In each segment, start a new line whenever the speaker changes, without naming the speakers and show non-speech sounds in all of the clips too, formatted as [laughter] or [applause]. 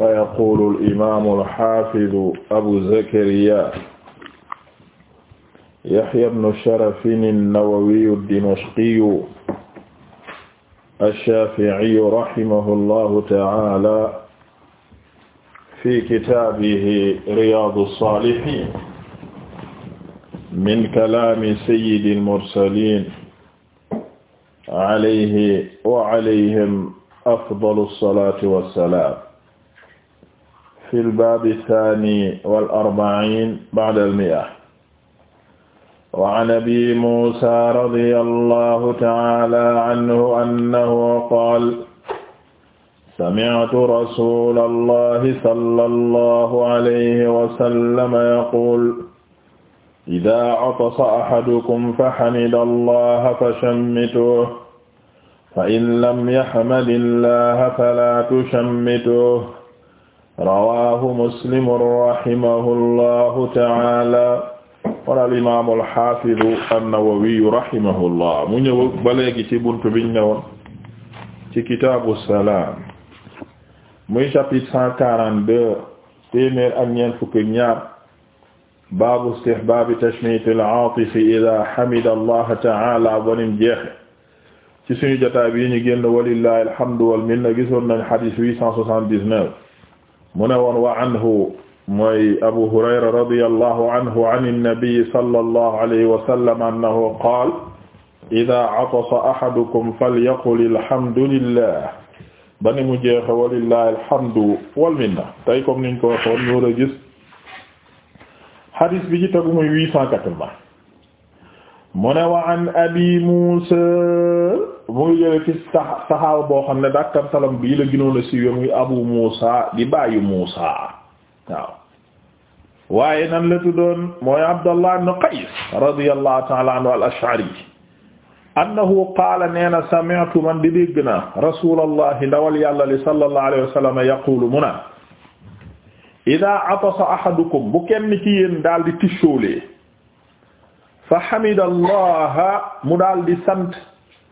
fa yaqulu al-imaamu al-haafidu abu zakariyaa yahya ibnu sharafin an-nawawiyu ad-dimashqiyu ash-shaafi'iyu rahimahu llahu ta'aala fi kitaabihi riyaadu saalihiin min kalaami sayyidi al-mursaliin alayhi wa alayhim afdalu as-salaatu was-salaam fi al-baab ath-thaani wal-arba'iin ba'da al-mi'a wa 'an Abi Muusaa radiyallahu ta'aalaa 'anhu annahu qaala sami'tu rasuulallahi sallallahu alayhi wa sallam yaquulu idaa 'atasa ahadukum fahamida Allaha fashammituuhu fa in lam yahmadi Allaha falaa tushammituuhu rawaahu muslim rahimahullahu ta'ala wala al imaam al haafid an-Nawawi rahimahullah mu ñëw ba léegi ci buntu biñ ñëwoon ci kitaabu salaam muy chapitre cent quarante deux téeméer ak ñeent fukk ñaar baabu istihbaabi tashmiit al-aatis idaa hamida allaha ta'ala wanim jeexe ci suñu jotaay bi ñu génn walillahi alhamdu wal minna gisoon nañ hadith huit cent soixante-dix-neuf mu ne woon wa anhu mooy abu hurayra radiyallahu anhu an an-nabi sallallahu alayhi wa sallam annahu qaala idaa atasa ahadukum falyaqul alhamdulillah ba ni mu jeexe walillahi alhamdu wal minna tey comme niñ ko waxoon ñu war a gis hadis bi ci tegu muy huit cent quatre-vingts mu ne wa an abi muusa mu ngi jëlee ci saxaaba boo xam ne dàkkam salam bii la gënoon a siiwee muy abu muusa di bàyyu muusa waaw waaye nan la tuddoon mooy abdallah ibn qais radiyallahu ta'ala anhu al-ash'ari annahu qaala neena sami'tu man di dégg naa rasulallahi ndawal yàlla li sallallahu alayhi wa sallam yaqulu mu na ida atasa ahadukum bu kenn ci yéen daal di tichoolee fa hamida allaha mu daal di sant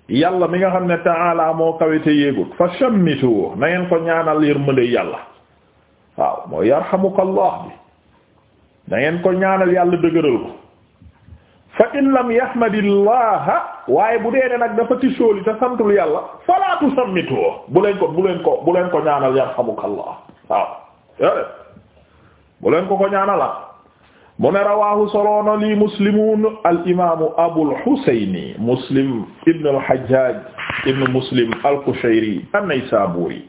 yàlla mi nga xam ne ta'ala moo kawe te fa shammitu na ko ñaanal yërmande yàlla waaw mooy yarhamukallah bi na ko ñaanal yàlla dëgëral ko fa in lam yahmadillaha waaye bu dee ne nag dafa tisooli te santul yàlla fala tusammitu bu leen ko bu leen ko bu leen ko ñaanal yarhamukallah waaw bu leen ko ko ñaanal mu ne rawaahu soloona lii muslimun al imaamu abul xusayni muslim ibn al hajjaaj ibn muslim al qushayri an-naysaabuuri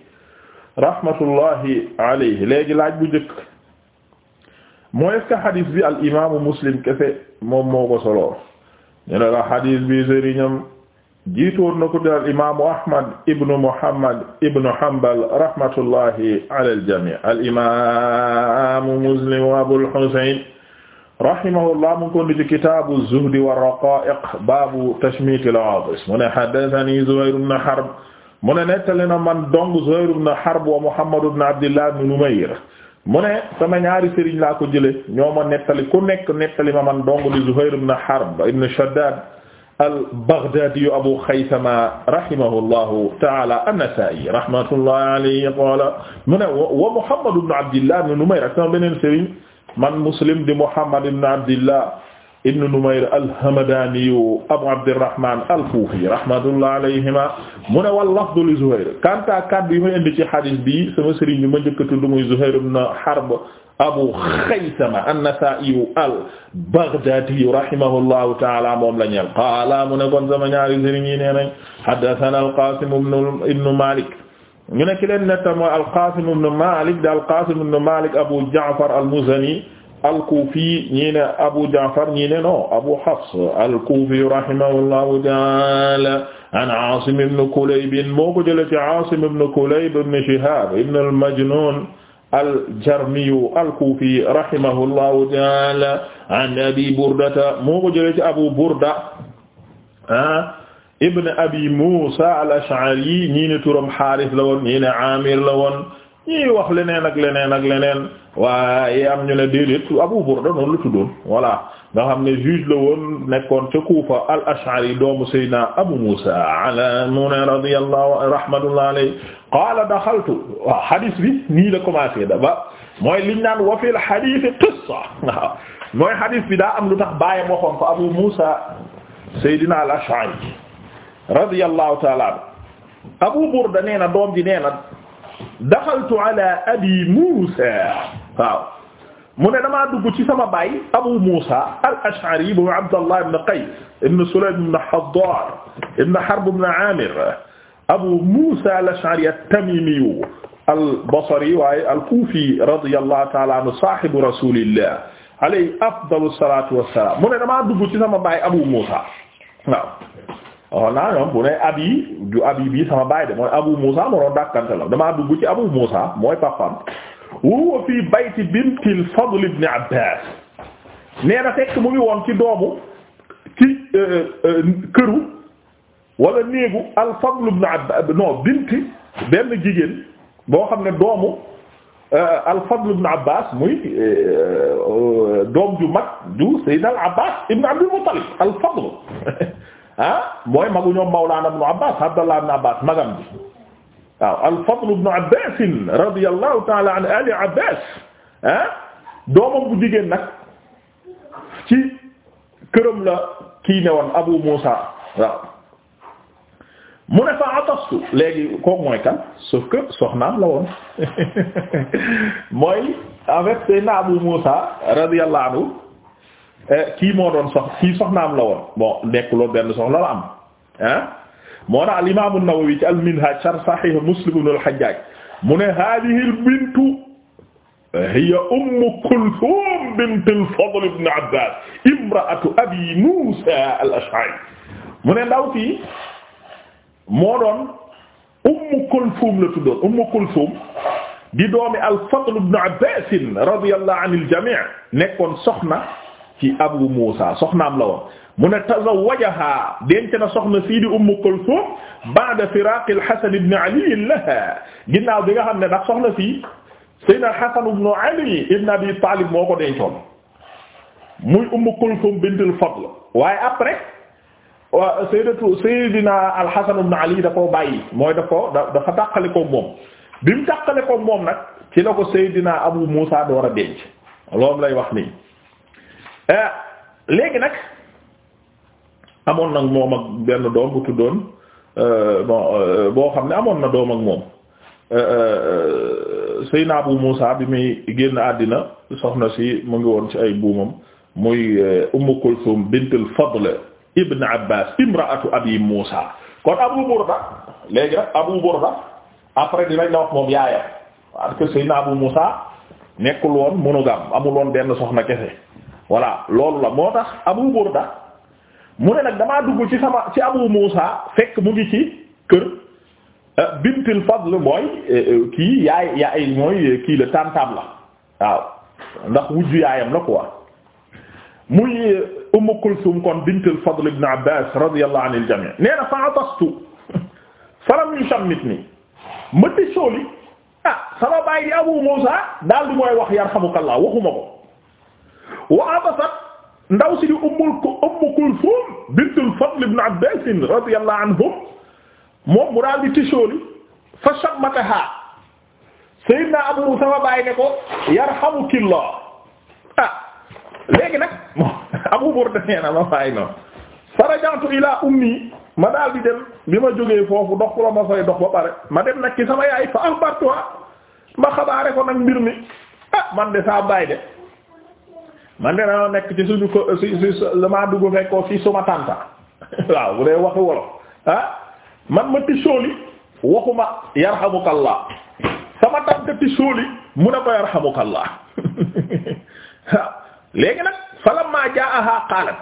rahmatullahi alayhi léegi laaj bu njëkk mooy est-ce que xadis bi al imaamu muslim kese moom moo ko solo ñu ne la xadis bi sëriñam jiitoon na ko di al imaamu ahmad ibn muhammad ibn hanbal rahmatullahi ala al jamii al imaamu muslim abul xusayn rahimahullah mu ngi ko ndi ci kitaabu zuhdi wa raqaa'iq baabu tashmiitil aatis mu ne haddathanii Zuhayr ibn Harb mu ne nettali na man dong Zuhayr ibn Harb wa Muhammad ibn Abdillah ibn Numayr mu ne sama ñaari sëriñ laa ko jële ñoo ma nettali ku nekk nettali ma man dong di Zuhayr ibn Harb ibn Shaddaad al-Baghdaadi Abu Khaythama rahimahullahu ta'aala an-Nasaa'i rahmatullahi alayhi qaala mu ne wa Muhammad ibn Abdillah ibn Numayr ak sama beneen sëriñ man muslim di muhammad ibn abdillah ibn numayr al-hamadani abu abdirrahman al-kufi rahmatullah alayhima mu ne wal lafdu li zuhair kanta kaddu yi ma indi ci hadis bi sama sëriñ bi ma njëkk a tudd muy zuhair ibn harb abu xaysama an-nasa'i al-baghdadi rahimahullahu ta'ala moom la ñeel qaala mu ne kon sama ñaari sëriñ yi nee nañ haddathana al-qasim ibn malik ñu ne ki leen netta mooy al-Qasim ibn Malik da al-Qasim ibn Malik Abu Ja'far al-Muzani al-Kufi ñii ne Abu Ja'far ñii ne non Abu Hafs al-Kufi rahimahullahu ta'ala an Asim ibn Kulayb moo ko jëlee ci Asim ibn Kulayb ibn Shihab ibn al-Majnun al-Jarmi al-Kufi rahimahullahu ta'ala an Abi Burda moo ko jëlee ci Abu Burda ah ibn abi Muusa al-Ash'ari ñii ne turam Haaris la woon ñii ne Aamir la woon ñii wax leneen ak leneen ak leneen waaye am ñu ne déedéet Abu Burda noonu la tuddoon voilà nga xam ne juge la woon nekkoon ca Kuufa al-Ash'ari doomu Seydina Abu Muusa ala mu ne radiyallahu rahmatullahi alayhi qaala daxaltu waaw hadis bi nii la commencé da ba mooy liñ naan wa fil hadith qissa waaw mooy hadis bi daa am lu tax bàyyam waxoon ko Abu Muusa Seydina al-Ash'ari radiyallahu ta'ala anhu Abu Burda nee na doom ji nee na daxaltu ala abi Muusa waaw mu ne damaa dugg ci sama baay Abu Muusa al-Ash'ari bu Abdallah ibn Qays ibn Sulaym ibn Haddar ibn Harb ibn Amir Abu Muusa al-Ash'ari at-Tamimi al-Basri waaye al-Kufi radiyallahu ta'ala anhu sahibu rasulillah alayhi afdalu salatu wassalam mu ne damaa dugg ci sama baay Abu Muusa waaw waxoon oh, naa ñoom bu ne abi du abi bii sama baay mooy abu musa damaa dugg ci abu musa mooy papam huwa fii bayti binti al-fadl abbas nee fekk mu ngi woon ci doomu ci euh, euh, këru wala néegu al-fadl abbas non binti benn jigéen boo xam ne doomu euh, al-fadl ibn abbas muy doom ju mag ju sayyid al-abbas ibn abdul muttalib al [laughs] ah mooy magu ñoom Mawlana ibn Abbas Abdallah ibn Abbas magam bi waaw al-Fadl ibn Abbas radiyallahu ta'ala ali Abbas ah doomam bu jigéen nag ci këram la kii ne woon Abu Musa waaw mu ne fa atastu léegi kooku mooy kan sauf que soxnaam la woon [laughs] mooy avec Seydina Abu Musa radiyallahu anhu Eh, kii moo doon sox kii soxnaam la woon bon nekkul woon benn soxla la am ah moo tax al-Imam an-Nawawi ci al-Minhaj sharh Sahih Muslim ibn al-Hajjaj mu ne hadhihi al-bintu hiya Umm Kulthum bint al-Fadl ibn Abbas imra'atu Abi Musa al-Ash'ari mu ne ndaw fii moo doon Umm Kulthum la tuddoon Umm Kulthum di doomi al-Fadl ibn Abbas radiyallahu anil jami' nekkoon soxna ci Abu Muusa soxnaam la woon mu ne tazawwajaha denc na soxna sii di Ummu Kulthum ba'da firaaqi al-Hasan Ali laha ginnaaw bi nga xam ne ndax soxna sii Sayyidina al-Hasan ibn Ali ibn Abi Talib moo ko dencoon muy Ummu Kulthum bint al-Fadl waaye après Sayyidatu Sayyidina al-Hasan ibn Ali da koo bàyyi mooy da koo dafa tàqale ko moom bi mu tàqale ko moom nag ci la ko Sayyidina Abu Muusa door a denc loolu lay wax ni Eh, léegi nag amoon nag moom ak benn doom bu tuddoon euh, bon euh, boo xam ne amoon na doom ak moom euh, Seyna Abu Muusa bi muy génn àddina soxna si mu ngi woon ci ay buumam muy Ummu Kulsum bint al-Fadl ibn Abbas imraatu Abi Muusa kon Abu Burda léegi nag Abu Burda après dinañ la wax moom yaayam parce que Seyna Abu Muusa nekkul woon monogame amul woon benn soxna kese voilà loolu la moo tax Abu Burda mu ne nag damaa dugg ci sama ci Abu Muusa fekk mu ngi ci kër euh, bintul Fadl mooy euh, euh, kii yaay mooy kii la tantam la waaw ndax wujju yaayam la quoi muy Umm Kulsum kon bintul Fadl ibn Abbas radiyallahu anil jami' nee na fa atastu falam yushammitni ma ti sooli ah sama baay di Abu Muusa daal di mooy wax yarhamukallah waxuma ko wa abasat ndaw si di ummul ko Umm Kulthum bintul Fadl ibn Abbas radiyallahu anhum moom mu daal di tisóoli fa shammataha Sayyidina Abu Musa ma bàyyi ne ko yarhamukillah ah léegi nag [laughs] Abu Burda nee na ma bàyyi noonu faraja'tu ila ummi ma daal di dem bi ma jógee foofu dox la ma fay dox ba pare ma dem nag ki sama yaay fa akhbartuha ma xabaare ko nag mbir mi ah man de saa bàyyi de. man de na nekk ci suñu ko si si damaa dugg fekkoo fii suma tànta [laughs] waaw bu dee waxi wolof ah man ma tisóoli waxuma yarhamukallah sama tànta tisóoli mu ne ko yarhamukallah [laughs] waaw léegi nag falamma jaaha qalat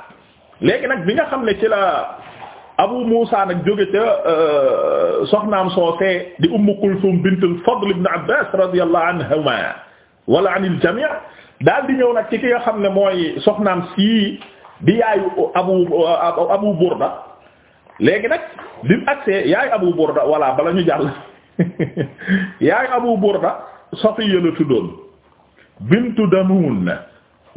léegi nag bi nga xam ne ci la Abu Musa nag jóge ca euh, soxnaam soosee di Umm Kulthum bint al-Fadl ibn Abbas radiyallahu anhuma wala anil jami' daal di ñëw nag ci ki nga xam ne mooy soxnaam sii di yaayu abu abu burda léegi nag bi mu agsee yaayu abu burda walla bala ñu jàll [laughs] yaayu abu burda safiya la tuddoon bintu damun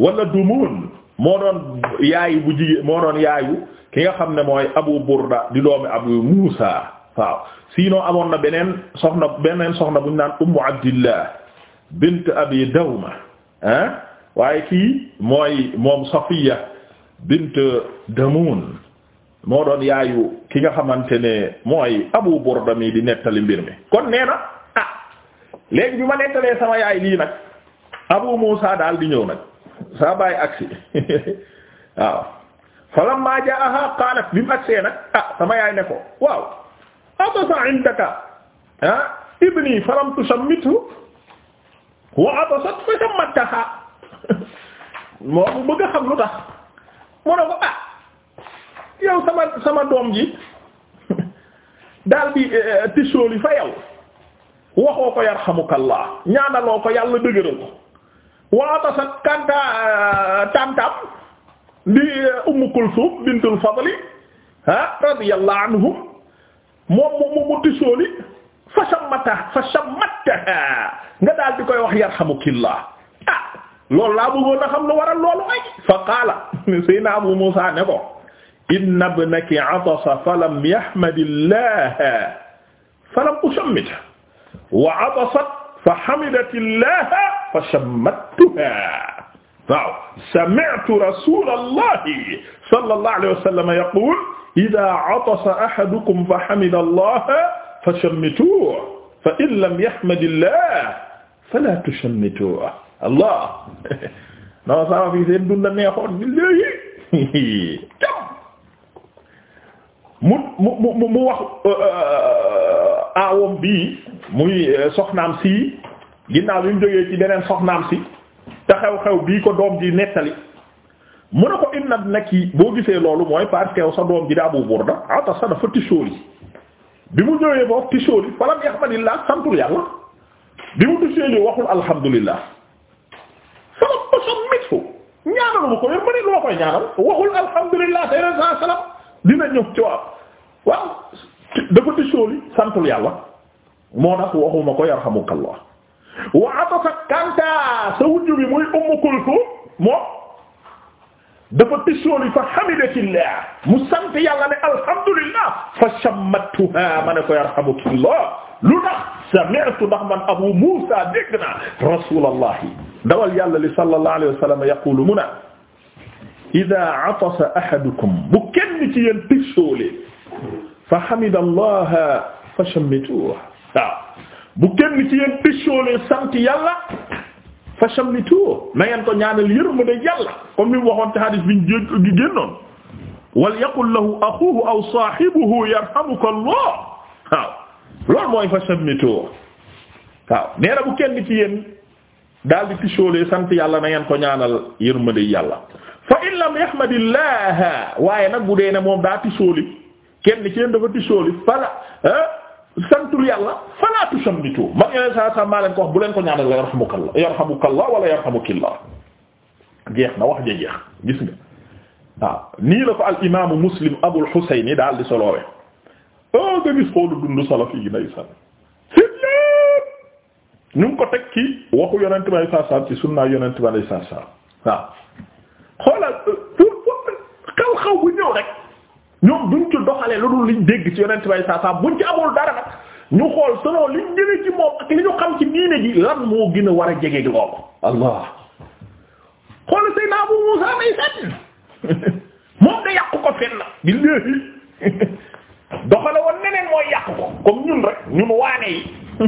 wala dumun moo doon yaayu bu jigéen moo doon yaayu ki nga xam ne mooy abu burda di doomi abu muusa waaw sinon amoon na beneen soxna beneen soxna bu ñu naan ummu abdillah bint abi dawma ah waaye kii mooy moom Safiya bint Damun moo doon yaayu ki nga xamante ne mooy Abu Burda mi di nettali mbir mi kon nee na ah léegi bi ma nettalee sama yaay lii nag Abu Musa daal di ñëw nag saa bàyyi agsi [laughs] waaw falamma jaaha qalat bi mu agsee nag ah sama yaay ne ko waaw abasa indaka ah ibni falam tusammithu wa atasat fa samattaha moom mu bëgg a xam lu tax mu ne ko ah yow sama sama doom ji daal bi eh, eh, tisóoli fa yow waxoo ko yarhamukallah ñaanaloo ko yàlla dëgëral ko wa atasat kanta eh, tamtam di ummu kulsum bintul fadli ah radiyallahu moom moom mu tisóoli fa shammata fa shammattaha nga daal di koy wax yarhamukillah ah loolu laa bëggoon a xam lu waral loolu ay fa qaala sayna Abu Musa ne ko inna ibnaki atasa falam yahmadillah falam ushammita wa atasat fa hamidatillah fa shammattuha waaw sami'tu rasulallahi sallallahu alayhi wa sallam yaqul idha atasa ahadukum fa hamidallaha fashammituu fa in lam yahmadillah fala tushammituu allah non sama bi mu mu mu mu wax euh, euh, aawam bii muy euh, soxnaam si ginnaaw bi mu jógee ci beneen soxnaam si te xew-xew bii ko doom ji nettali mu ne ko inna nag yi boo gisee loolu mooy parce que sa doom ji daa Abu Burda ata sa dafa tisóoli bi mu ñëwee ba wax tisoo li falam yahmadillah santul yàlla bi mu tisoo li waxul alhamdulillah falam ba sam ñaanal ma ko yar ma ne lu koy ñaanal waxul alhamdulillah te yeneen saa salaam dina ñëw ci waaw waaw dafa tisoo li santul yàlla moo tax waxuma ko yarhamukallah wa atasa kanta sa wujju bi muy Umm Kulthum moom dafa tisooli fa hamidatillah mu sant yàlla ne alhamdulillah fa shammattuha ma ne ko yarhamukillah lu tax sami'tu ndax man abu musa dégg naa rasulallahi dawal yàlla li sallallahu alayhi wa sallam yaqulu mu na ida atasa ahadukum bu kenn ci yéen tisoole fa hamidallaha fa shammituha waaw bu kenn ci yéen tisoole sant yàlla fa shammitoo na ngeen ko ñaanal yërmande yàlla comme ni mu waxoon ci hadith bi ñu génnoon wal yaqul lahu axuhu aw saahibuhu yarhamuka allah waaw loolu mooy fa shammitoo waaw nee na bu kenn ci yéen daal di tisoolee sant yàlla na ngeen ko ñaanal yërmande yàlla fa in lam yahmadillah waaye nag bu dee ne moom daa tisooli kenn ci yéen dafa tisooli fala ah santul yàlla fala tusammitu man yoneen saa saa maa leen ko wax bu leen ko ñaanal yarhamukallah yarhamukallah wala yarhamukillah jeex na wax ja jeex gis nga waaw nii la ko al imaamu muslim abul husayni daal di soloowe ah nga gis xoolu dund salaf yi nay san ñu ngi ko teg ci waxu yonent bi alayhi salaam ci sunna yonent bi alayhi salaam waaw xoolal euh, pour pour xaw xaw bu ñëw rek. ñoom duñ ci doxalee lu dul liñ dégg ci yonent bay saa saa buñ ci amul dara nag xool selon liñ jëlee ci moom li ñu xam ci diine gi lan moo gin a war a jege loolu allah xool Seydina Abu Muusaa may sànn moom da yàqu ko fenn bi léegi [laughs] doxale woon neneen mooy yàqu ko comme ñun rek ñun waane yi [laughs]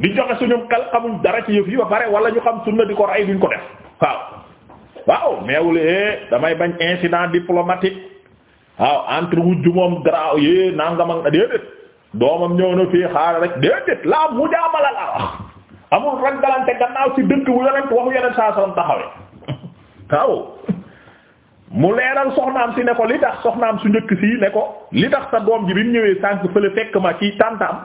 di joxe suñu kal xamuñ dara ci yëf yi ba pare wala ñu xam sunna di ko rey duñ ko def waaw waaw meewul damay bañ incident diplomatique waaw entre wujju moom garaaw yee nangam ak déedéet doomam ñëw na fii xaaral rek déedéet laa mujaamala la wax amul ragalante gannaaw ci dëkk bu yonent waxu yonent saa salaam taxawee mu leeral soxnaam si ne ko li tax soxnaam su njëkk si ne ko li tax sa doom ji bi mu ñëwee sànq fële fekk ma ci tàntaam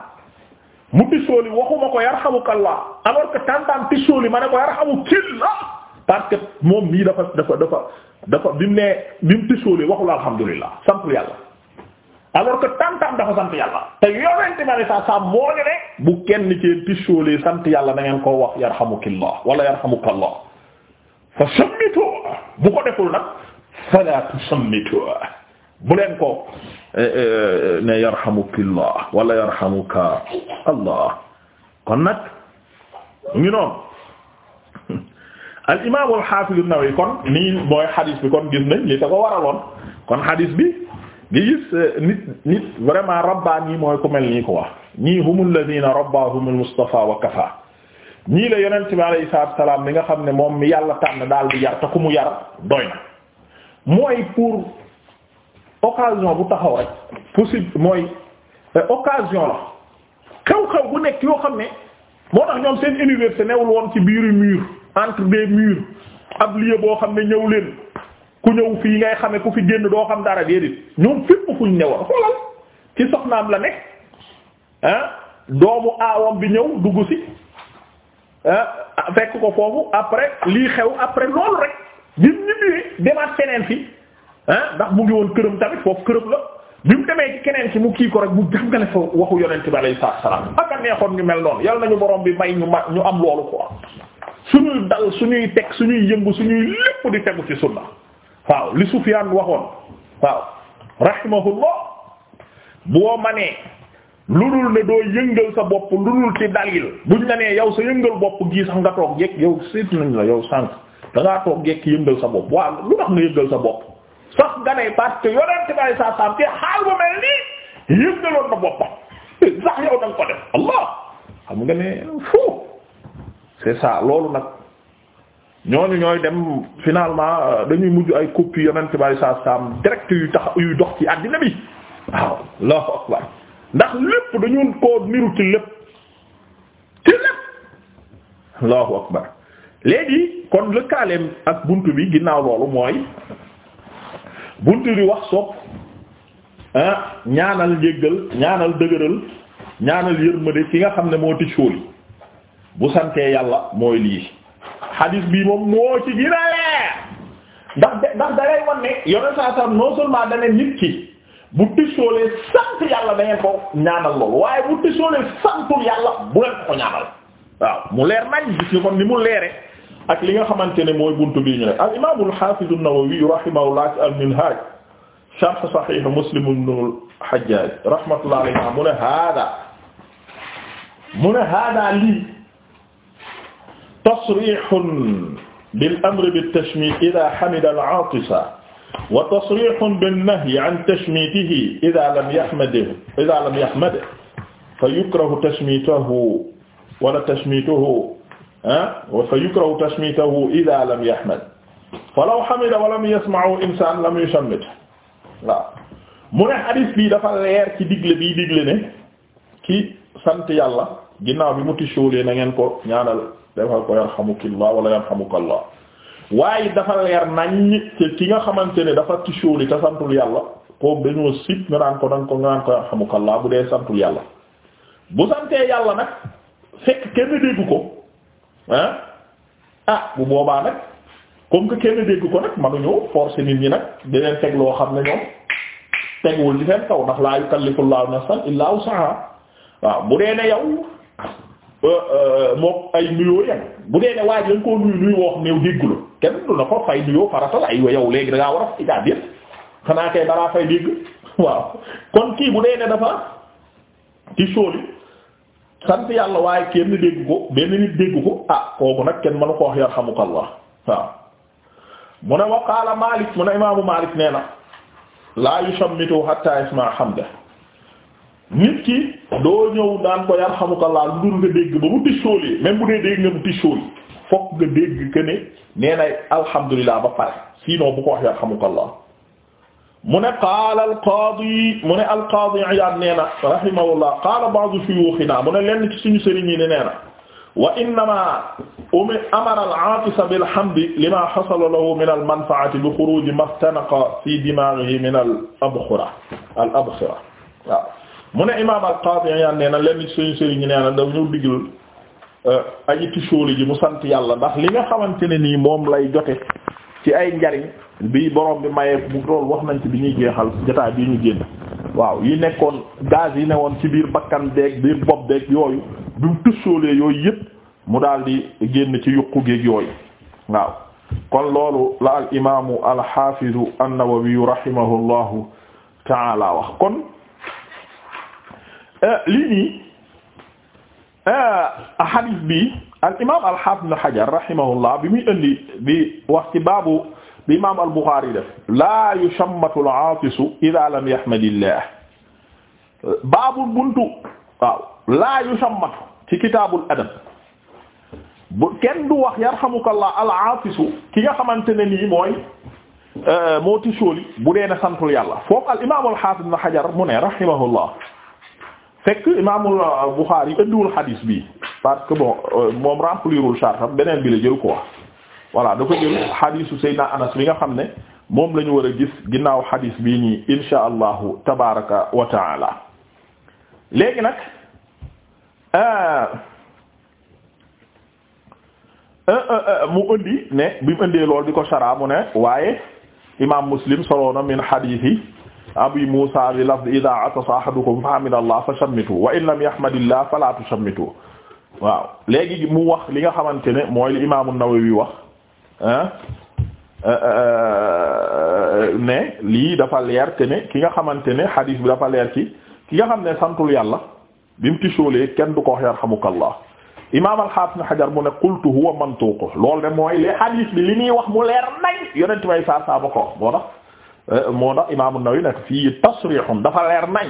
mu tissooli waxuma ko yarhamukallah alors que tàntaam tissooli ma ne ko yarhamukillah parce que moom nii dafa dafa dafa dafa bi mu nee bi mu tisoolee waxul alhamdulilah sant yàlla alors que tantam dafa sant yàlla te yonente ma ne sa bu kenn ci tisoolee sant yàlla na ngeen ko wax yarhamukillah wala fa sammitu bu ko deful nag fala tusammitu bu leen ko eh, eh, ne yarhamukillah wala yarhamuka allah kon nag ñu noonu al imaam al xaafis an-Nawawi kon nii mooy xadis bi kon gis nañ li te ko waraloon kon xadis bi gi gis euh, nit nit vraiment rabbaani mooy ku mel nii ko wax ñii humul ladina rabbahumul Mustafa wa kafa ñii la yonent bi alayhi salaatu wa nga xam ne moom mi yàlla tànn daal di yar te mu yar doy na mooy pour occasion bu taxaw rek possible mooy euh, occasion la xew-xew bu nekk yoo xam ne moo tax ñoom seen université newul woon ci biiru mur entre des murs ab lieu boo xam ne ñëw leen ku ñëw fii ngay xame ku fi génn doo xam dara déedéet ñoom ñu fuñ newoon xoolal ci soxnaam la nekk ah, doomu aawam bi ñëw dugg ci ah fekk ko foofu après lii xew après loolu rek ñun ñibbi demaat feneen fi ah, ndax mu ngi woon këram tamit foofu këram la bi mu demee ci keneen ci mu kii ko rek mu jàngale fa waxu yonent bi alayhi salaam ak a neexoon ñu mel noonu yal nañu borom bi may ñu ma ñu am loolu quoi suñuy dal suñuy teg suñuy yëngu suñuy lépp di tegu ci sunna waaw li Sufyaan waxoon waaw rahimahullah boo manee lu dul ne doo yëngal sa bopp lu dul ci dalil buñ la nee yow sa yëngal bopp gii sax nga toog yekk yow seet la yow sànq da ngaa toog yekk yëngal sa bopp waaw lu tax nga yëngal sa bopp sax nga ne parce que yonent bay sa sam te xaal ba mel nii yëngaloon na boppam [laughs] sax yow da ko def allah xam nga ne foofu c'est ça loolu nag ñooñu ñooy dem finalement euh, dañuy mujj ay copie yonent bi saa saam direct yu tax yuy dox ci àddina bi waaw Allahu akbar ndax lépp dañu koo niru ci lépp ci lépp Allahu akbar léegi kon lëkkaaleem ak bunt bi ginnaaw loolu mooy bunt bi wax sopp ah, ñaanal njéggal ñaanal dëgëral ñaanal yërmande ki nga xam ne moo tij xool bu santee yàlla mooy lii hadis bi moom moo ci gën leer ndax ndax da lay ne yonent saa sallam non seulement dane nit ki bu sant yàlla da ngeen ko ñaanal loolu waaye bu tisoolee santul yàlla bu leen ko ñaanal mu leer nañ gis ni kon ni mu leere ak li nga xamante ne mooy buntu bi ñu ne al imam al hafiz al minhaj sharh sahih Muslim mu ne hada mu ne hada lii tasrihun bil amri bit tashmit idha hamida al aatisa wa tasrihun bin nahyi an tashmitihi idha lam yahmadhu idha lam yahmadhu fa yukrahu tashmituhu wala tashmituhu fa yukrahu tashmituhu idha lam yahmad fa law hamida wa lam yasma'hu insan lam yushammit waaw mu ne hadis bi dafa leer ci digle bi digle ne ki sant yàlla ginnaaw bi mu tisoolee na ngeen ko ñaanal defal ko yarhamukillah wala yarhamukallah waaye dafa leer nañ te ki nga xamante ne dafa tisooli te santul yàlla kooku dañoo sit nga naan ko danga ko nga naan ko yarhamukallah bu dee santul yàlla bu santee yàlla nag fekk kenn dégg ko ah ah bu boobaa nag comme que kenn dégg ko nag manuñu forcer nit ñi nag di leen teg xam ne ñoom teguwul ci seen kaw ndax laa yukallifu llahu nafsan illa wusaha waaw bu dee ne yow Euh, moom ay nuyoo yem bu dee ne waa ji lañ koo nuyu nuyu woo xam ne la kenn du na ko fay nuyoo farata la yow léegi da ngaa war a fay jaajëf xanaa kay balaa fay dégg [laughs] waaw kon kii bu dee ne dafa ci sóoli sant yàlla waaye kenn dégg ko benn nit dégg ko ah kooku nag kenn mënu ko wax yarhamukallah waaw mu ne wa qaala Maalik mu ne imaamu Maalik nee na laa yusammitu hatta yasma hamda nit ki doo ñëw daan ko yarhamukallah lu dul nga dégg ba mu tisooli même bu dee dégg nga mu tisooli fokk nga dégg que ne nee na alhamdulilah ba pare sinon bu ko wax yarhamukallah mu ne qaala alqaadi mu ne alqaadi Iyaad nee na rahimahullah qaala ba'du shuyuuxinaa mu ne lenn ci suñu sëriñ yi ne nee na wa innama umi amara al-aatisa bilhamdi limaa hasala lahu min al-manfa'ati bi xuruuji ma ftanaqa fi dimaaghihi min al-abxira al-abxira waaw mu ne imaam al-Qaadi Iyaan nee na lenn suñu sëriñ ñu nee na dafa ñëw digal euh, aji tisóoli ji mu sant yàlla ndax li nga xamante ne nii moom lay jote ci ay njariñ bi borom bi mayee bu loolu wax nañ ci bi ñuy jeexal jotaay bi ñu génn waaw yi nekkoon gaz yi newoon ci biir bakkan biir bopp beeg yooyu yooyu yëpp mu daal di génn ci yuqu géeg yooyu waaw kon loolu la al imaamu al xaafidu an-Nawawi rahimahullahu wax kon Euh, lii nii euh, hadith bi al imaam al haafid ibn Hajar rahimahullah bi muy indi bi wax ci baabu bi imaam al Buxaari def laa yushammatu al aatisu idaa lam yahmadillah baabu buntu waaw laa yushammatu ci kitaabul adab bu kenn du wax yarhamukallah al aatisu ki nga xamante ne nii mooy euh, moo tisóoli bu dee na santul yàlla foofu al imaam al haafid ibn Hajar mu ne rahimahullah fekk imaamul euh, Buxaari indiwul xadiis bi parce que bon euh, moom remplirul chartam beneen bi la jël quoi voilà da ko jël xadiisu Seydina Anas bi nga xam ne moom la ñu war a gis ginnaaw xadiis bii nii insha allahu tabaraka wa taala léegi nag euh, mu indi ne bi mu indee lool di ko shara mu ne waaye imaam Muslim soloona min xadiis abi Musa bi lafz idaa atasa ahadukum fa hamidallah fa shammitu wa in lam yahmadillah fala tushammitu waaw léegi mu wax li nga xamante ne mooy li imaamu Nawawi wax euh, euh, euh, ne lii dafa leer te ne ki nga xamante ne hadis bi dafa leer ci ki nga xam ne santul yàlla bi mu tisoolee kenn du ko wax yarhamukallah imaam al-Hafiz Hajar mu ne qultu huwa mantuq loolu de mooy li hadis bi li muy wax mu leer nañ yonent bay saa saa ba ko moo Euh, moo tax imaamu Nawawi nag fii tasrihun dafa leer nañ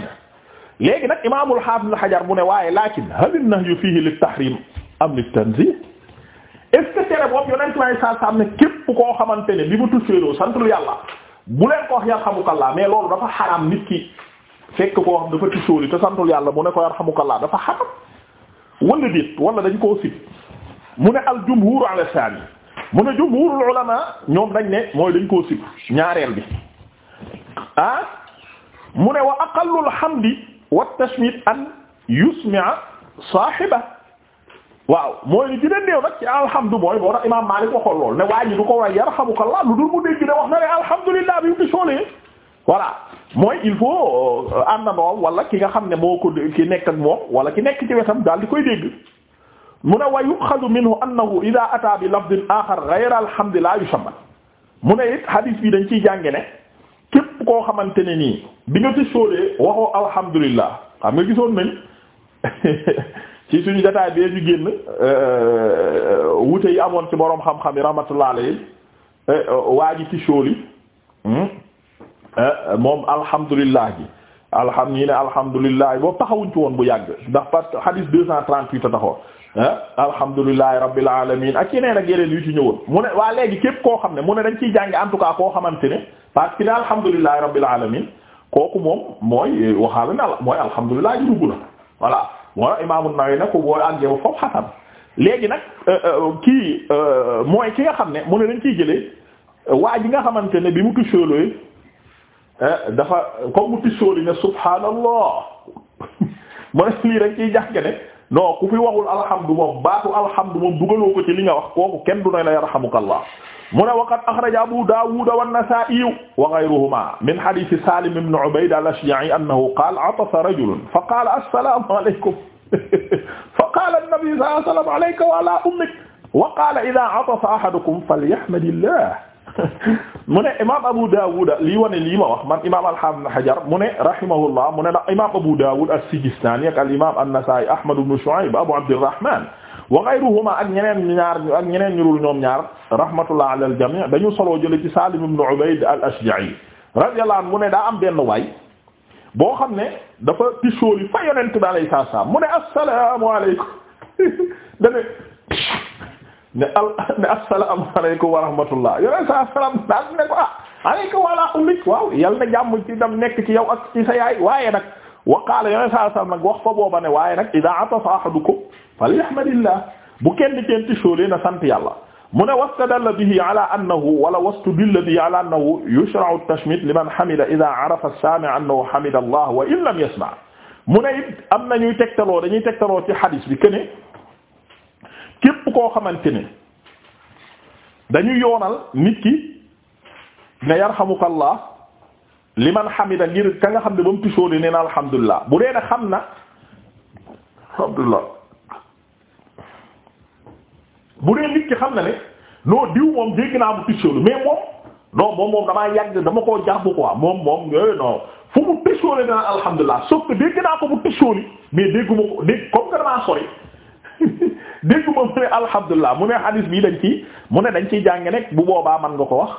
léegi nag imaamul hafiz Hajar mu ne waaye lakin hal an-nahyu fihi lit-tahrim am lit-tanzih est-ce que tere boobu yonent lay am ne képp koo xamante ne bi mu tuséeroo santul yàlla bu leen ko wax yarhamukallah mais loolu dafa xaraam nit ki fekk koo xam dafa tuséeri te santul yàlla mu ne ko yarhamukallah dafa xaraam wala déet wala dañ koo mu ne al jumhur ala sani mu ne jumhurul ulama ñoom dañ ne mooy dañ koo sib ñaareel bi ah mu ne wa aqallul hamdi wa tashmit an yusmi'a saahiba waaw mooy li dina mooy boo tax imaam Maalik waxoon lool ne waa du ko war a yarhamukallah lu dul mu dégg ne wax na ne alhamdulillah bi mu di soolee voilà mooy il faut euh, àndandoo wala ki nga xam ne moo ko ki nekk ak moom wala ki nekk ci wetam daal di koy dégg mu ne wa yuxadu minhu annahu ida ata bi lafdin axar ghayra alhamdi la yusamma mu ne it hadis dañ ciy jànge ne koo xamante ni bi nga tësoolee waxoo alhamdulilah xam nga gisoon nañ [laughs] ci suñu jotaay bee ñu génn euh, wute yi amoon ci boroom xam-xam yi rahmatullah alayhi euh, waa ji tësooli hmm, euh, moom alhamdulilah ji alham ñii ne alhamdulilah boobu taxawuñ ci woon bu yàgg ndax parce que hadith deux cent trente-huit a taxoon Ah, alhamdulillahi rabbil alamin ak yeneen ak yeneen yu ci ñëwoon mu ne waa léegi képp koo xam ne mu ne dañ ciy jànge en tout cas koo xamante ne parce que ne alhamdulillahi rabbil alamin kooku moom mooy eh, waxaala ne mooy alhamdulillahi dugg na voilà moo na imaamu Nawawi ne ko boo àggee ba foofu xasan léegi nag eh, eh, kii mooy ki nga xam ne mu ne dañ ciy jëlee waa ji nga xamante ne bi mu tusóoloyu dafa comme mu tusóoli ne subhaanallah [laughs] mu ne lii rek ciy jànge ne non ku fi waxul alhamdu moom baatu alhamdu moom dugaloo ko ci li nga wax kooku kenn du ne la yarhamukallah mu ne waqad axraja abu daawud wa an-nasaa'i wa ghayruhuma min hadiisi salim ibn ubayd al-ashja'i annahu qaala atasa rajulun fa qaala assalaamu alaykum [laughs] fa qaala an-nabi sallallahu alayhi wa sallam alayka wa ala ummik wa qaala idhaa atasa ahadukum falyahmadillah [laughs] mu ne imaam Abu Dawud lii wane lii ma wax man imaam al-Hafiz Ibn Hajar mu ne rahimahullah mu ne ndax imaam Abu Dawud as-Sijistani ak al imaam an-Nasa'i Ahmad ibn Shu'ayb Abu Abdirrahman wa ghayruhuma ak ñeneen ñaar ak ñeneen ñu dul ñoom ñaar rahmatullah ala al-jami' dañu solo jële ci Salim ibn Ubayd al-Ashja'i radiyallahu anhu mu ne daa am benn waay boo xam ne dafa tisóoli fa yonent bi alayhi salaam mu ne assalaamu alaykum [laughs] ne al ne asalaamaaleykum wa rahmatullah yoneen sa salaam daal ne ko ah aleykum wala umik waaw yal na jàmm ci dam nekk ci yow ak ci sa yaay waaye nag waqaala yoneen sa salaam nag wax fa booba ne waaye nag ida atafa ahadukum falyahmadillah bu kenn kenn tisoolee na sant yàlla mu ne wastadalla bihi ala annahu wala wastadalla bihi ala annahu yushra'u at-tashmit liman hamida ida arafa as-sami' annahu hamida allah wa in lam yasma' mu ne it am na ñuy tegtaloo dañuy tegtaloo ci hadis bi que ne képp koo xamante ne dañu yoonal nit ki ne yarhamukallah liman hamida ngir ka nga xam ne ba mu tisoo di nee na alhamdulilah bu dee ne xam na alhamdulilah bu dee nit ki xam na ne non diw moom jéggi naa bu tisoo mais moom non moom moom damaa yàgg dama koo jàpp quoi moom moom eh, non fu mu tisoo di alhamdulilah sauf que dégg naa ko bu tisoo di mais déggu ma dégg comme que damaa sori. [laughs] dégg ma mu ne alhamdulilah mu ne hadis bi dañ ci mu ne dañ ciy jànge nekk bu boobaa man nga ko wax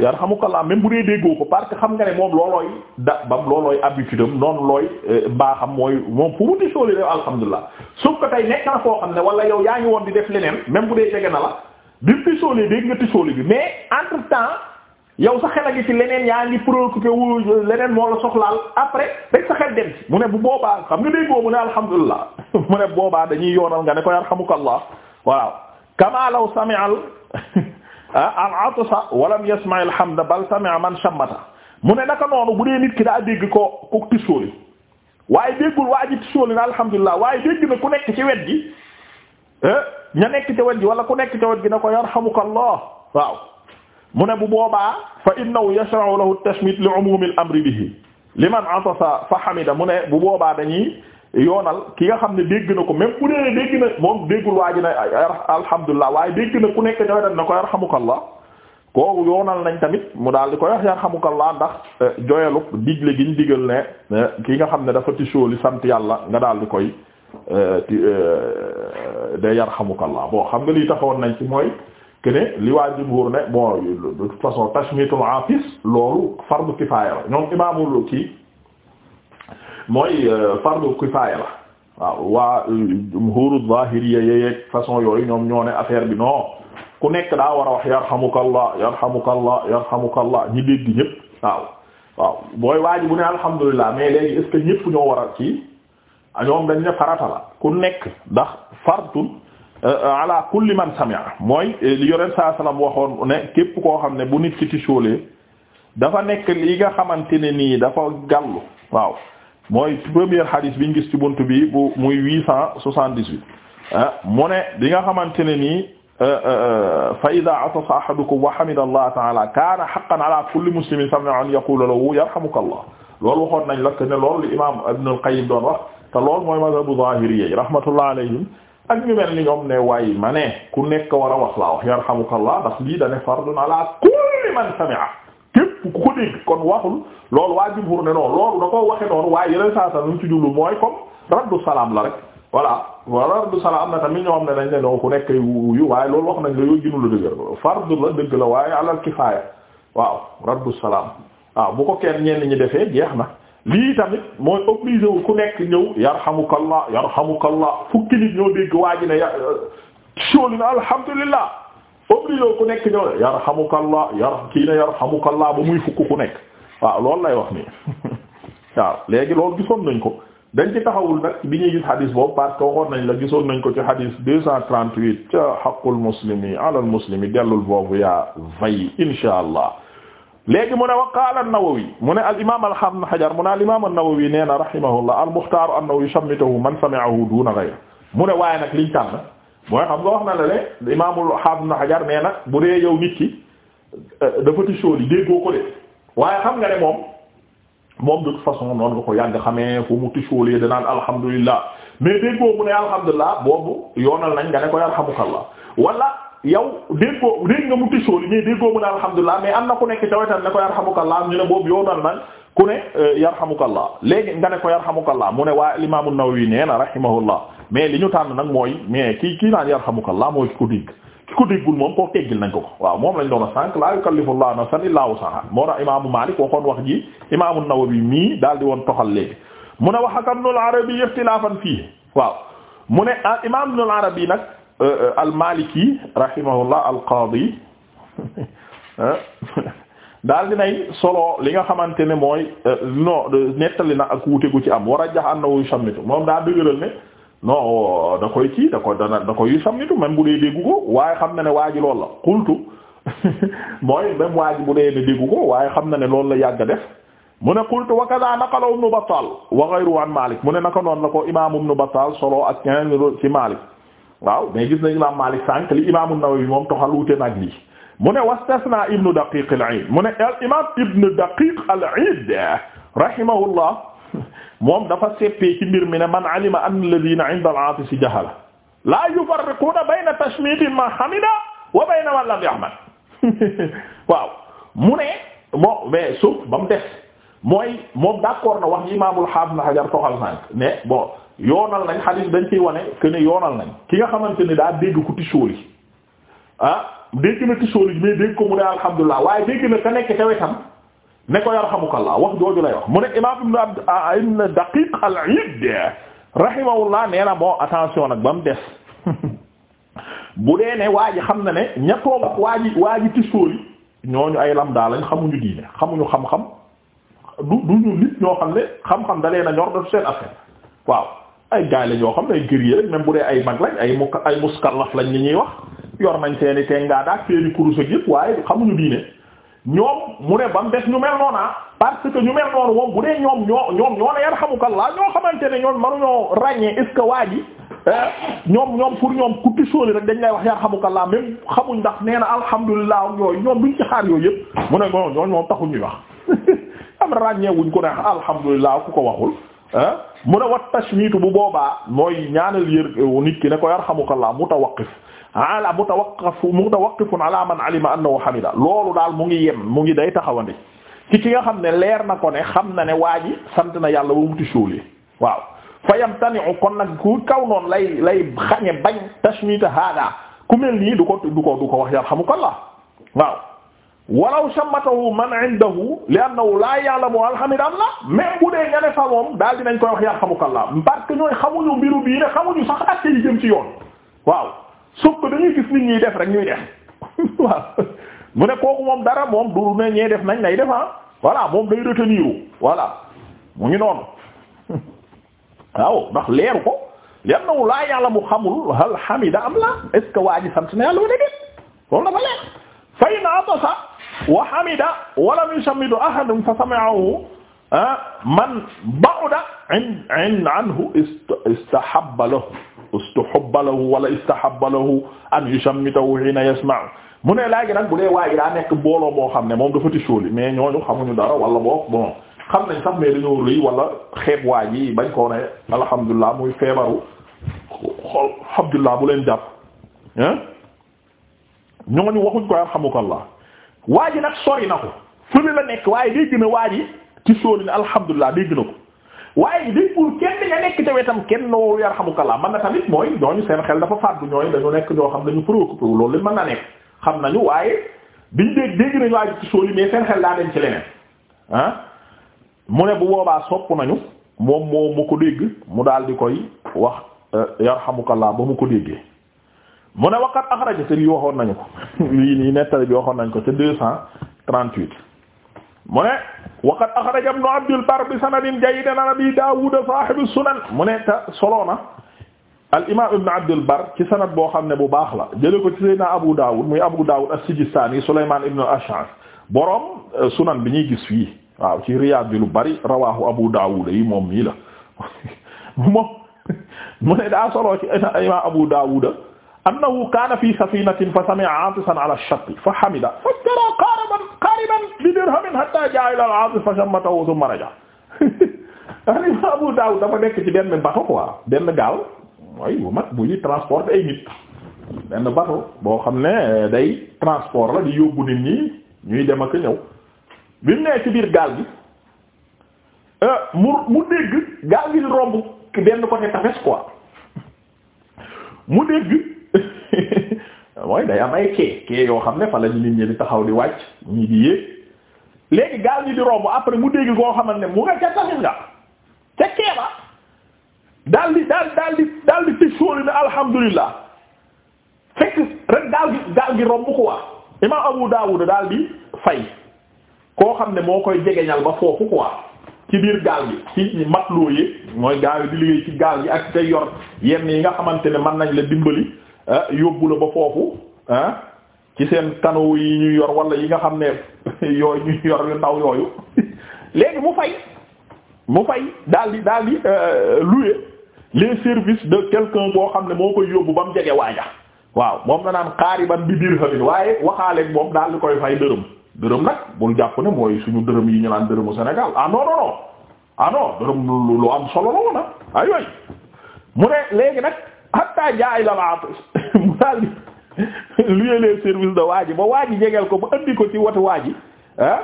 yar laa même bu dee déggoo ko parce que xam nga ne moom loolooy da bam loolooy habitude am noonu looy mbaaxam euh, mooy moom fu mu di sooli alhamdulilah suuf ko tey nekk na foo xam ne wala yow yaa ngi woon di def leneen même bu dee jege na la bi mu tisoolee dégg nga tisoolee bi mais entre temps yow sa xel ci leneen yaa ngi préoccupé wu leneen moo la soxlaal après rek sa xel dem ci mu ne bu boobaa xam nga déggoo mu ne alhamdulilah [laughs] mu ne boobaa dañuy yoonal nga ne ko yarhamukallah waaw kama law sami'a [laughs] ah, al atsa wa lam yasma' al hamda bal sami'a man shammata mu ne naka noonu bu dee nit ki daa dégg ko ko tisóoli waaye déggul waa ji tisóoli na alhamdulilah waaye dégg na ku nekk ci wet gi eh, ña nekk ci wet gi wala ku nekk ci wet gi na ko yarhamukallah waaw mu ne bu boobaa fa innahu yashra'u lahu at-tashmit li umumi al-amri bihi liman atasa fa hamida mu ne bu boobaa dañuy yoonal ki nga xam ne dégg na ko même bu dee dégg na moom déggul waa ji ne alhamdulilah waaye dégg na ku nekk joxe na ko yarhamukallah kooku yoonal nañ tamit mu daal di ko wax yarhamukallah ndax eh, joyalu digle gi ñu digal ne eh, ki nga xam ne dafa tisoo li sant yàlla nga daal di koy eh, de yarhamukallah bon xam nga lii taxawoon nañ ci mooy. que ne li waa jumhur ne bon de toute façon tashmitul afis loolu fardu kifaaya la ñoom imaamul kii mooy euh, fardu kifaaya la waaw waa euh, jumhuru zahiriyya yeeg façon yooyu ñoom ñoo ne affaire bi non ku nekk daa war a wax yarhamukallah yarhamukallah yarhamukallah ñi dégg ñépp waaw waaw booy waa ji bu mais léegi est que ñépp ñoo war a ñoom dañ ne farata la ku nekk ndax fardu Euh, ala kulli man sami'a mooy euh, li yonent saa salaam waxoon ne képp koo xam ne bu nit ki ci sóolee dafa nekk li nga xamante ne nii dafa gàllu waaw mooy premier hadith biñ gis ci buntu bi bu muy huit cent soixante-dix-huit ah, mu ne li nga xamante ne nii euh, fa idha atasa ahadukum wa hamida allah ta'ala kana haqqan ala kulli muslimin sami'a an yaqula lahu yarhamuka allah loolu waxoon nañ la ne loolu li imam ibn al-qayyim doon wax te loolu mooy mazhabu zahiriyyi rahmatullah alayhim ak ñu mel ni ñoom ne waaye ma ne ku nekk war a wax laa wax yarhamukallah ndax lii da ne fardun ala kulli man sami'a képp ku ko dégg kon waxul loolu waa jumhur ne noonu loolu da koo waxe noonu waaye yeneen saa saa nu ci jublu mooy comme raddu salaam la rek voilà wala raddu salaam na tamit ñoo ne dañ ne noonu ku nekk wuyu waaye loolu wax nañ la yoo gënu la dëgër fardu la dëgg la waaye alal kifaaya waaw raddu salaam waaw bu ko kenn ñenn ñi defee jeex na. lii tamit mooy obligé wu ku nekk ñëw yarhamukallah yarhamukallah fukki nit ñoo dégg waa ji ne ya euh, sóoli na alhamdulillah obligé wu ku nekk ñëw yarhamukallah yar kii ne yarhamukallah ba muy fukk ku nekk waaw loolu lay wax nii [laughs] waaw léegi loolu gisoon nañ ko dañ ci taxawul nag bi ñuy gis xadis boobu parce que nañ la gisoon nañ ko ci xadis deux cent trente-huit ca xaqul muslimi alal muslimi dellul boobu yaa vay insha allah léegi mu ne wa qaala an-Nawawi mu ne al imaam al-Haafiz Ibn Hajar mu ne al imaam an-Nawawi nee na al-Muxtaar annahu yusammitahu man sami'ahu duuna ghayrihi mu ne waaye nag liñ tànn mooy xam nga wax na la le imaam al-Haafiz Ibn Hajar nee na bu dee yow nit ki euh, dafa tisoo li déggoo ko de waaye xam nga ne moom moom de façon noonu nga ko yàgg xamee fu mu tisoo danaan alhamdulillah mais déggoo mu ne alhamdulillah boobu yoonal nañ nga ne ko yarhamukallah wala. yow déggoo dégg nga mu tisoo li mais déggoo mu alhamdulilah mais am na ku nekk ca wetam ne ko yarhamukallah ñu ne boobu yow dal na ku ne euh, yarhamukallah léegi nga ne ko yarhamukallah mu ne waa Imaam an-Nawawi nee na rahimahullah mais li ñu tànn nag mooy mais kii kii naan yarhamukallah mooy ki ko dégg ki ko déggul moom koo teggil nañ ko ko waaw moom lañ doon a sànq laa yukallifullahu nafsan illaa wusaha moo tax Imaamu Maalik waxoon wax ji Imaamu daal di woon toxal léegi mu ne wax ak Ibnul Arabi ikhtilaafan fii waaw mu ne al ah, Imaam Ibnul Arabi nag Euh, al yi rahimahullah al-Qadi daal dinay solo li nga xamante ne mooy euh, non nettali na ak wuute gu ci am war a jax ànd na wuyu sammitu moom daa dëgëral ne non da koy ci da koy dana da koy yu sammitu même bu dee déggu ko waaye xam na ne waa la xultu [laughs] mooy même waa bu dee ne waaye xam na ne loolu la yàgg def mu ne qultu wa kaza naqala ibnu Battal wa ghayru an Malik mu ne naka noonu la ko imam ibnu Battal solo ak keneen ci Malik waaw mais gis na imaam Maalik sànq li imaam An-Nawawi moom toxal wuute nag lii mu ne wastasna ibnu Daqiq al-Iid mu ne al imaam ibnu Daqiq al-Iid rahimahullah moom dafa seppee ci mbir mi ne man alima anna alladhiina 'inda al-'aatis jahala laa yufarriquuna bayna tashmiitin man hamida wa bayna man lam yahmad waaw mu ne moo mais suuf ba mu des mooy moom d'accord na wax imaamul Haafiz Ibn Hajar toxal sànq mais bon. yoonal nañ xadiis dañ ciy wane que ne yoonal nañ ki nga xamante ni daa dégg ku tisóoli ah dégg na tisóoli mais dégg ko mu ne alhamdulilah waaye dégg na ka nekk ca wetam ne ko yarhamukallah wax jooju lay wax mu ne imaam ibn abd ibn daqiq al-iid rahimahullah nee attention nag ba mu des [laughs] bu dee ne waa ji xam na ne ña toog ak waa ji waa ji tisóoli ñooñu ay lam daal lañ xamuñu diine xamuñu xam-xam du du ñu nit ñoo xam ne xam-xam dalee na ñor daf seen affaire waaw. ay gaay la xam ne ay guerrier rek même bu dee ay mag lañ ay mu ay muskallaf lañ li ñuy wax yor nañ seeni tengaadaak seeni kurus ak yëpp waaye xamuñu diine ñoom mu ne ba mu ñu mel noona ah, parce ñu mel noonu moom bu dee ñoom ñoo ñoom ñoo ne yarhamukallah ñoo xamante ne ñoom manuñoo ràññee est waa ji ñoom ñoom pour ñoom ku tisooli rek dañ lay wax xamu yarhamukallah même xamuñ ndax nee na alhamdulilah yooyu ñoom duñ ci xaar yooyu yëpp mu ne ñoo ñoom taxuñ ñuy wax [laughs] am ràññee wuñ ko ne alhamdulilah ku ko waxul ah mu ne wat tashmiitu bu boobaa mooy ñaanal yër euh, nit ki ne ko yarhamukallah mutawaqqif ala mutawaqqif mutawaqqifun ala man alima annahu hamida loolu daal mu ngi yem mu ngi day taxawandi ci ki nga xam ne leer na ko ne xam na ne waa ji sant na yàlla ba mu tisoolee waaw fa yamtani'u kon na ku kaw noonu lay lay xañe bañ tashmiita hada ku mel nii du ko du ko du ko wax yarhamukallah waaw. walaw shammatahu man indahu li annahu la ya'lamu alhamdulillah même bu dee nga ne fa moom daal dinañ koy wax yarhamukallah parce que ñooy xamuñu mbiru bii ne xamuñu sax ak yi jëm ci yoon waaw sauf ko dañuy gis nit ñuy def rek ñuy def [laughs] waaw mu ne kooku moom dara moom du ne ñee def nañ lay def ah voilà moom day retenir voilà mu ngi noonu [laughs] waaw ndax leeru ko li annahu la ya'lamu xamul hal hamida am la est ce que na yàlla wala déet loolu dafa leer fay naa ko wa hamida wa lam yusammidu ahadun fa sami'ahu man ba'uda anhu istahabba lahu istahabba lahu wala istahabba lahu an yusammidahu hina yasma'u mu ne laagi nag bu dee waa ji daa nekk mbooloo moo xam ne moom dafa tisooli mais ñooñu xamuñu dara wala boog bon xam nañ sax mais dañoo rëy wala xeeb waa ji bañ koo ne alhamdulilah muy feebaru xool alhamdulilah bu leen jàpp ah ñooñu waxuñ ko yarhamukallah waa ji nag sori na ko fële la nekk waaye day na a waa ji ci sóoli ne alhamdulilah day gën a ko waaye day pour kenn nga nekk ca wetam kenn noo yarhamukallah mën na tamit mooy ñooñu seen xel dafa fàddu ñooy dañu nekk ñoo xam dañu préoccupé wu loolu man na nekk xam nañu waaye biñ dégg dégg nañu waa ji ci sóoli mais seen xel daa dem ci leneen ah? mu ne bu boobaa sopp nañu moom moo mu ko dégg mu daal di koy wax euh, yarhamukallah ba mu ko déggee. mu ne waqat axraja te lii waxoon nañu ko [laughs] lii nii nettali bi waxoon nañu ko ca deux cent trente-huit mu ne waqat axraja ibnu Abdul Barr bi sanadin jayyidin Abi Daawud saahibu sunan mu ne te solo na al imaam ibnu Abdul Barr ci sanad boo xam ne bu baax la jële ko ci Seydina Abu Daawud muy Abu Daawud as-Sijistaani Sulaymaan ibnu al-Ash'ath boroom euh, sunan bi ñuy gis fii waaw ci Riyaad bi lu bari rawaahu Abu Daawud yi moom mii la [laughs] mu ne daa solo ci imaam Abu Daawud annahu kaana fi safinatin fa sami'a 'aatisan 'ala ash-shatti fa hamida fajtara qaariban qaariban bi dirhamin hatta jaa'a al-'aatis fa shammatahu thumma raja'a al-imaam Abu dafa nekk ci benn bato quoi benn gaaw mooy bu mag buy transport ay nit benn bato boo xam ne eh, day transport la di yóbbu nit ñi ñuy dem ak ñëw bi mu nee ci biir gaal gi eh, mu mu dégg gaal gi di romb benn côté tafes quoi [laughs] mu dégg. mooy day am ay kee kee yoo xam ne fa la nit ñi di taxaw di wàcc ñii di yéeg léegi gaal ñi di romb après mu dégg koo xamante ne mu nga ca taxit nga ca kee ba daal di daal di daal di tëj sóori ne fekk rek daal gi daal gi romb quoi imam Abu Dawud daal di fay koo xam ne moo koy jegeñal ba foofu quoi ci biir gaal gi ci ñi matloo yi mooy gaal yi di liggéey ci gaal gi ak tey yor yenn yi nga xamante ne man nañ la dimbali Ah, yóbbu la ba foofu ah ci seen kanaw yi ñu yor wala yi nga xam ne [laughs] yooyu ñu yor yu ndaw yooyu [laughs] léegi mu fay mu fay daal di daal di euh, louer les services de quelqu'un boo xam ne moo koy yóbbu ba mu jege waaja waaw moom na naan xaariban bi dirhamin waaye waxaaleeg moom daal di koy fay dërëm dërëm nag bul jàpp ne mooy suñu dërëm yi ñu naan dërëmu Sénégal ah non non non ah, dërëm lu am solo la woon ah. mu ne léegi nag. hatta jaay la la mu daal di luyee les services de waa ba waa ji ko ba andi ko ci watu waa ji ah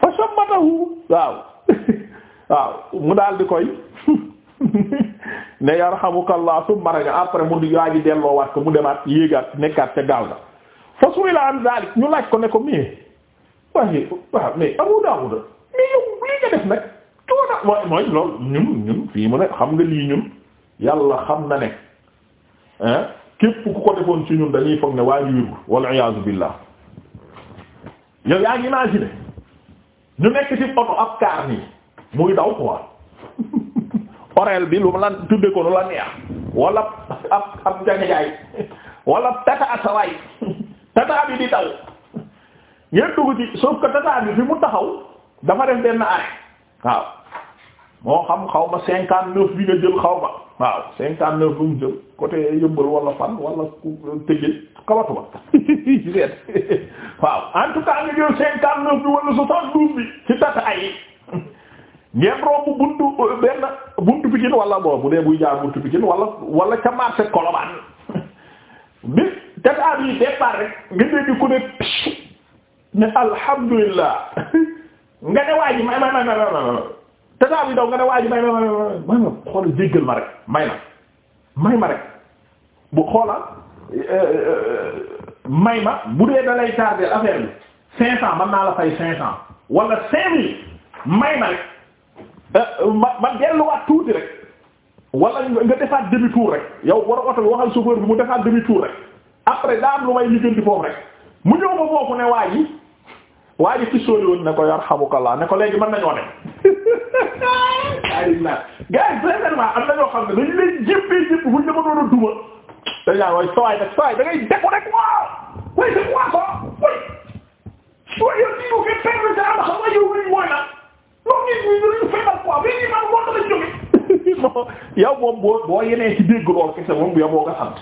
fa sammatahu waaw [laughs] waaw mu daal di koy [laughs] ne yarhamukallah summa raja après mu di waa ji delloowaat ko mu demaat yéegaat nekkaat ca gaal ga fa su'ila an zalik ñu laaj ko ne ko mais waaye waaw mais Abu Dawud mais yow lii nga def nag coono mooy loolu ñun ñun fii mu ne xam nga lii ñun yàlla xam na ne. képp ku ko defoon ci ñun dañuy foog ne waa ñu wérul wal iyaazu billah yow yaa ngi imaginer ñu nekk ci oto ab kaar nii muy daw quoi [laughs] orel bi lu la tudde lu la neex wala ab ab jafe-jafe wala tata asawaay [laughs] tata bi di taw ngeen dugg ci sauf que tata bi mu taxaw dafa def benn arrêt waaw. moo xam xaw ma cinquante neuf bi nga jël xaw ma waaw cinquante neuf bu mu jël côté yëmbal wala fan wala ku tëjee [laughs] waaw en nga jël cinquante neuf bi wala soixante douze bi ci tata ngeen romb buntu euh, benn buntu Pikine wala boobu bu dee jaar buntu Pikine wala ca marché Colobane [laughs] bi tata bi départ nga dégg ku ne ne alhamdulillah [laughs] nga ne waa ji may may may may tataa bi daw nga ne waa ji may ma may ma xoolal may ma may ma bu xoolal euh, euh, dee da lay tardeel affaire bi cinq cent man naa la fay cinq cent wala cinq mille may ma rek euh, ma ma delluwaat tuuti rek wala nga defaat demi rek yow war a oto bi waxal chauffeur bi mu defaat demi rek après daa am lu may liggéenti foofu rek mu ñëw ma foofu ne waa ji waa ji ci sóori woon ne ko yarhamukallah ne ko léegi mën nañoo ne ayi naa gars yi sincèrement am na ñoo xam ne dañu leen jëppee jëpp buñ la mënoon a duma dañ naan waay sawaay nag sawaay da ngay dekku rek waaw way def waa ko way way yow nii yow kay perdre sa am xam nga yow luñ mooy la loolu nit ñi dañu feebar quoi mais nii man moo tax a jóge non [laughs] yow moom boo boo yenee ci dégg lool kese moom bu yow boo nga sant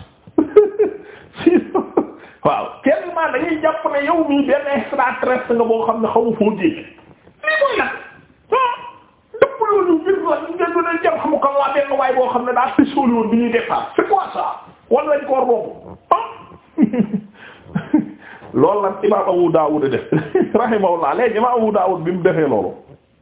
[laughs] waaw tellement dañuy jàpp ne yow mii benn extraterrestre nga boo xam ne xamu foo jéegé lii na nag ah dëpp loolu gis nga ñu ngeen doon jàpp xamu kan waay boo xam ne daa fësoo woon bi ñuy départ c'est quoi ça wan lañ ko war boobu na ah [laughs] loolu lan imaam Abu Daawud def [laughs] rahimahullah léegi imaam Abu Daawud bi mu defee loolu.